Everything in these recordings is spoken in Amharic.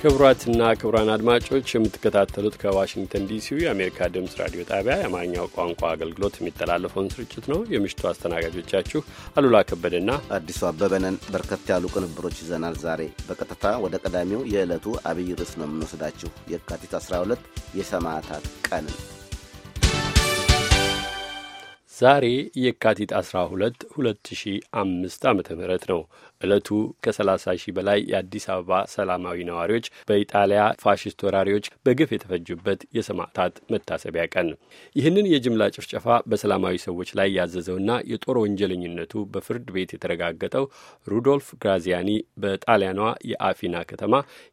ክቡራትና ክቡራን አድማጮች የምትከታተሉት ከዋሽንግተን ዲሲ የአሜሪካ ድምፅ ራዲዮ ጣቢያ የአማርኛው ቋንቋ አገልግሎት የሚተላለፈውን ስርጭት ነው። የምሽቱ አስተናጋጆቻችሁ አሉላ ከበደና አዲሱ አበበነን በርከት ያሉ ቅንብሮች ይዘናል ዛሬ። በቀጥታ ወደ ቀዳሚው የዕለቱ አብይ ርዕስ ነው የምንወስዳችሁ። የካቲት 12 የሰማዕታት ቀንን ዛሬ የካቲት 12 2005 ዓ ም ነው። ዕለቱ ከ30 ሺህ በላይ የአዲስ አበባ ሰላማዊ ነዋሪዎች በኢጣሊያ ፋሽስት ወራሪዎች በግፍ የተፈጁበት የሰማዕታት መታሰቢያ ቀን። ይህንን የጅምላ ጭፍጨፋ በሰላማዊ ሰዎች ላይ ያዘዘውና የጦር ወንጀለኝነቱ በፍርድ ቤት የተረጋገጠው ሩዶልፍ ግራዚያኒ በጣሊያኗ የአፊና ከተማ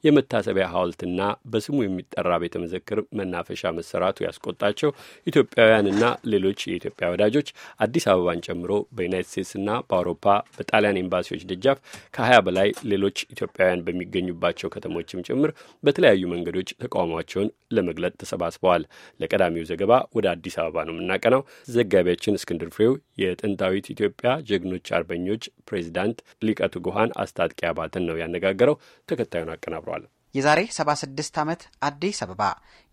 የመታሰቢያ ሐውልትና በስሙ የሚጠራ ቤተ መዘክር መናፈሻ መሰራቱ ያስቆጣቸው ኢትዮጵያውያንና ሌሎች የኢትዮጵያ ወዳጅ ወዳጆች አዲስ አበባን ጨምሮ በዩናይት ስቴትስና በአውሮፓ በጣሊያን ኤምባሲዎች ደጃፍ ከ20 በላይ ሌሎች ኢትዮጵያውያን በሚገኙባቸው ከተሞችም ጭምር በተለያዩ መንገዶች ተቃውሟቸውን ለመግለጥ ተሰባስበዋል። ለቀዳሚው ዘገባ ወደ አዲስ አበባ ነው የምናቀናው። ዘጋቢያችን እስክንድር ፍሬው የጥንታዊት ኢትዮጵያ ጀግኖች አርበኞች ፕሬዚዳንት ሊቀ ትጉሃን አስታጥቄ አባተን ነው ያነጋገረው። ተከታዩን አቀናብሯል። የዛሬ 76 ዓመት አዲስ አበባ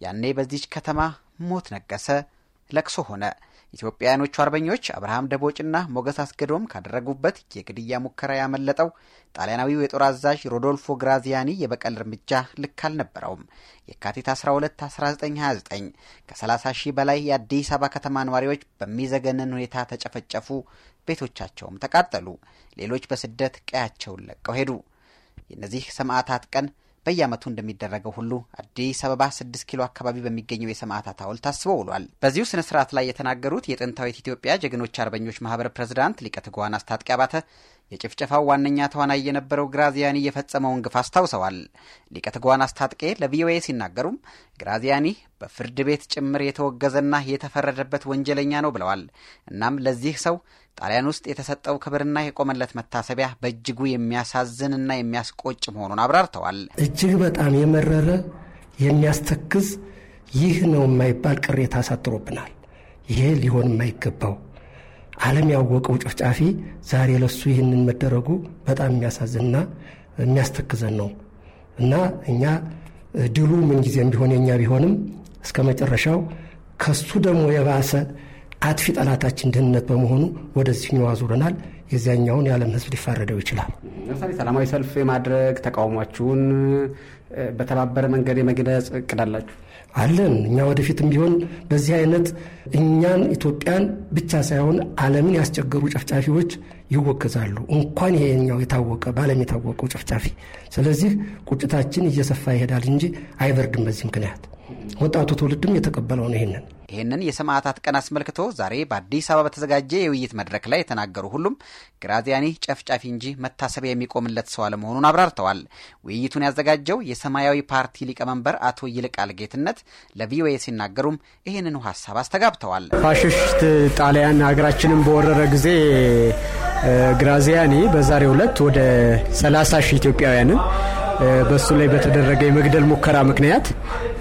ያኔ በዚች ከተማ ሞት ነገሰ፣ ለቅሶ ሆነ። ኢትዮጵያውያኖቹ አርበኞች አብርሃም ደቦጭና ሞገስ አስገዶም ካደረጉበት የግድያ ሙከራ ያመለጠው ጣሊያናዊው የጦር አዛዥ ሮዶልፎ ግራዚያኒ የበቀል እርምጃ ልክ አልነበረውም። የካቲት 12 1929 ከ30 ሺህ በላይ የአዲስ አበባ ከተማ ነዋሪዎች በሚዘገንን ሁኔታ ተጨፈጨፉ፣ ቤቶቻቸውም ተቃጠሉ። ሌሎች በስደት ቀያቸውን ለቀው ሄዱ። የእነዚህ ሰማዕታት ቀን በየዓመቱ እንደሚደረገው ሁሉ አዲስ አበባ 6 ኪሎ አካባቢ በሚገኘው የሰማዕታት ሐውልት ታስቦ ውሏል። በዚሁ ስነ ስርዓት ላይ የተናገሩት የጥንታዊት ኢትዮጵያ ጀግኖች አርበኞች ማህበር ፕሬዝዳንት ሊቀ ትጉሃን አስታጥቄ አባተ የጭፍጨፋው ዋነኛ ተዋናይ የነበረው ግራዚያኒ የፈጸመውን ግፍ አስታውሰዋል። ሊቀ ትጉሃን አስታጥቄ ለቪኦኤ ሲናገሩም ግራዚያኒ በፍርድ ቤት ጭምር የተወገዘና የተፈረደበት ወንጀለኛ ነው ብለዋል። እናም ለዚህ ሰው ጣሊያን ውስጥ የተሰጠው ክብርና የቆመለት መታሰቢያ በእጅጉ የሚያሳዝንና የሚያስቆጭ መሆኑን አብራርተዋል። እጅግ በጣም የመረረ የሚያስተክዝ ይህ ነው የማይባል ቅሬታ አሳጥሮብናል። ይሄ ሊሆን የማይገባው ዓለም ያወቀው ጨፍጫፊ ዛሬ ለሱ ይህንን መደረጉ በጣም የሚያሳዝንና የሚያስተክዘን ነው እና እኛ ድሉ ምንጊዜም ቢሆን የኛ ቢሆንም እስከ መጨረሻው ከሱ ደግሞ የባሰ አጥፊ ጠላታችን ደህንነት በመሆኑ ወደዚህኛው አዙረናል። የዚያኛውን የዓለም ሕዝብ ሊፋረደው ይችላል። ለምሳሌ ሰላማዊ ሰልፍ የማድረግ ተቃውሟችሁን በተባበረ መንገድ የመግለጽ እቅድ አላችሁ? አለን። እኛ ወደፊትም ቢሆን በዚህ አይነት እኛን ኢትዮጵያን ብቻ ሳይሆን ዓለምን ያስቸገሩ ጨፍጫፊዎች ይወገዛሉ። እንኳን ይሄኛው የታወቀ በዓለም የታወቀው ጨፍጫፊ። ስለዚህ ቁጭታችን እየሰፋ ይሄዳል እንጂ አይበርድም በዚህ ምክንያት ወጣቱ ትውልድም የተቀበለው ነው። ይህንን ይህንን የሰማዕታት ቀን አስመልክቶ ዛሬ በአዲስ አበባ በተዘጋጀ የውይይት መድረክ ላይ የተናገሩ ሁሉም ግራዚያኒ ጨፍጫፊ እንጂ መታሰቢያ የሚቆምለት ሰው አለመሆኑን አብራርተዋል። ውይይቱን ያዘጋጀው የሰማያዊ ፓርቲ ሊቀመንበር አቶ ይልቃል ጌትነት ለቪኦኤ ሲናገሩም ይህንኑ ሀሳብ አስተጋብተዋል። ፋሽስት ጣሊያን ሀገራችንን በወረረ ጊዜ ግራዚያኒ በዛሬው ዕለት ወደ 30 ሺህ ኢትዮጵያውያንን በሱ ላይ በተደረገ የመግደል ሙከራ ምክንያት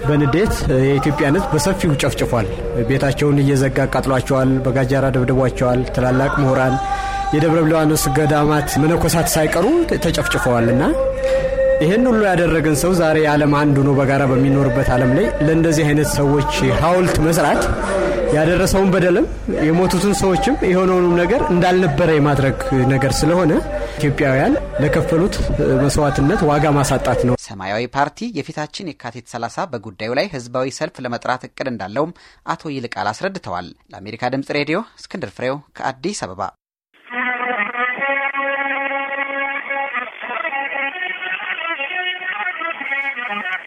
በንዴት የኢትዮጵያን ሕዝብ በሰፊው ጨፍጭፏል። ቤታቸውን እየዘጋ አቃጥሏቸዋል። በጋጃራ ደብድቧቸዋል። ትላላቅ ምሁራን፣ የደብረ ሊባኖስ ገዳማት መነኮሳት ሳይቀሩ ተጨፍጭፈዋል እና ይህን ሁሉ ያደረገን ሰው ዛሬ የዓለም አንዱ ነው በጋራ በሚኖርበት ዓለም ላይ ለእንደዚህ አይነት ሰዎች ሀውልት መስራት ያደረሰውን በደልም የሞቱትን ሰዎችም የሆነውንም ነገር እንዳልነበረ የማድረግ ነገር ስለሆነ ኢትዮጵያውያን ለከፈሉት መስዋዕትነት ዋጋ ማሳጣት ነው። ሰማያዊ ፓርቲ የፊታችን የካቲት 30 በጉዳዩ ላይ ህዝባዊ ሰልፍ ለመጥራት እቅድ እንዳለውም አቶ ይልቃል አስረድተዋል። ለአሜሪካ ድምጽ ሬዲዮ እስክንድር ፍሬው ከአዲስ አበባ